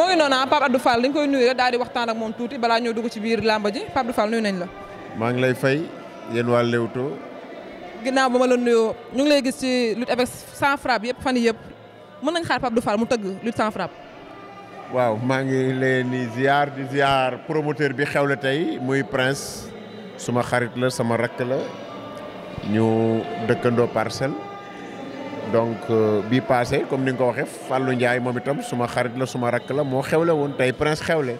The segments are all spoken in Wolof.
moo ngi noonu ah Pape Abdou Fall dañ koy nuyu rek daal di waxtaan ak moom tuuti balaa ñoo dugg ci biir làmba ji Pape Abdou Fall nuyu nañ la. maa ngi lay fay yéen waa Leewtoo. ginnaaw ba ma la nuyoo ñu ngi lay gis ci lutte avec sans frappe yëpp fan yëpp mën nañ xaar Pape Abdou Fall mu tëgg lutte sans waaw maa ngi leen di ziar di ziar promoteur bi xew la tey muy Prince suma xarit la sama rakk la ñu dëkkandoo parcelle. donc euh, bii passé comme ni nga ko waxee Fallou Ndiaye moom itam suma xarit la suma rakk la moo xewle woon tey Prince xewle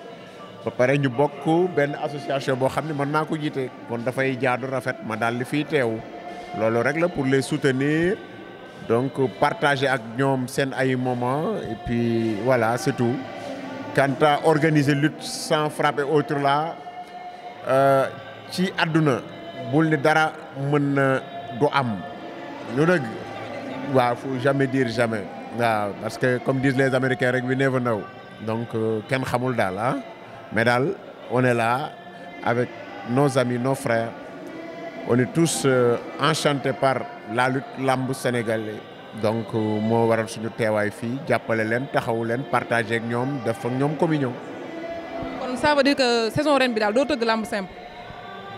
ba pare ñu bokk benn association boo xam ne mën naa ko jiite kon dafay jaadu rafet ma daal di fiy teew loolu rek la pour les soutenir donc partager ak ñoom seen ay moment et puis voilà c'est tout organiser lutte sans frapper autre là euh, ci adduna bul ni dara mën na du am lu dëgg waaw faut jamais dire jamais waaw parce que comme dis les américains rek we never know donc euh, kenn xamul daal ah mais daal on est là avec nos amis nos frères on tous euh, enchantés par la lutte lamb sénégalaise donc euh, moo waral suñu teewaay fii jàppale leen taxawu leen partagé ak ñoom def ak ñoom communion. kon ça dire que saison ren bi daal doo tëgg lamb simple.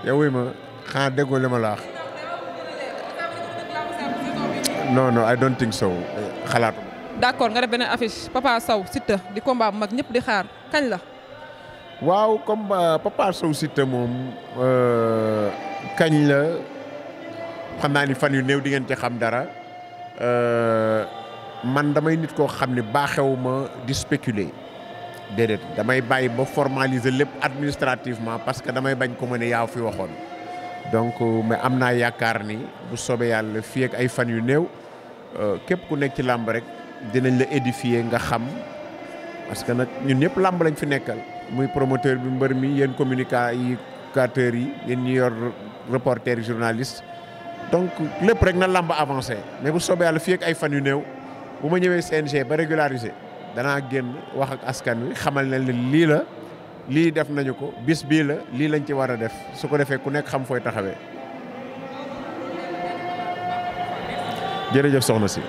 yow ma xanaa déggoo li non non I don't think so xalaatu. d' accord nga def beneen affiche Papa Sow Siteu di combat mag ñëpp di xaar kañ la. waaw comme Papa Sow Siteu moom euh, kañ la xam naa ni fan yu néew di ngeen ci xam dara euh, man damay nit koo xam ne baaxewu ma di spéculer déedéet damay bàyyi ba formaliser lépp administrativement parce que damay bañ ko ma ne yaaw fi waxoon. donc euh, mais am naa yaakaar ni bu soobee yàlla fii ay fan yu néew euh, képp ku nekk ci làmb rek dinañ la édifier nga xam parce que nag ñun ñëpp làmb lañ fi nekkal muy promoteur bi mbër mi yéen communicateurs yi yéen ñi yor reporter yi journaliste donc lépp rek na làmb avancer mais bu soobee yàlla fii ay fan yu néew bu ma ñëwee CNG ba régulariser danaa génn wax ak askan wi xamal ne lii la lii def nañu ko bis bii la lii lañ ci war a def su ko defee ku nekk xam fooy taxawee jërëjëf soxna si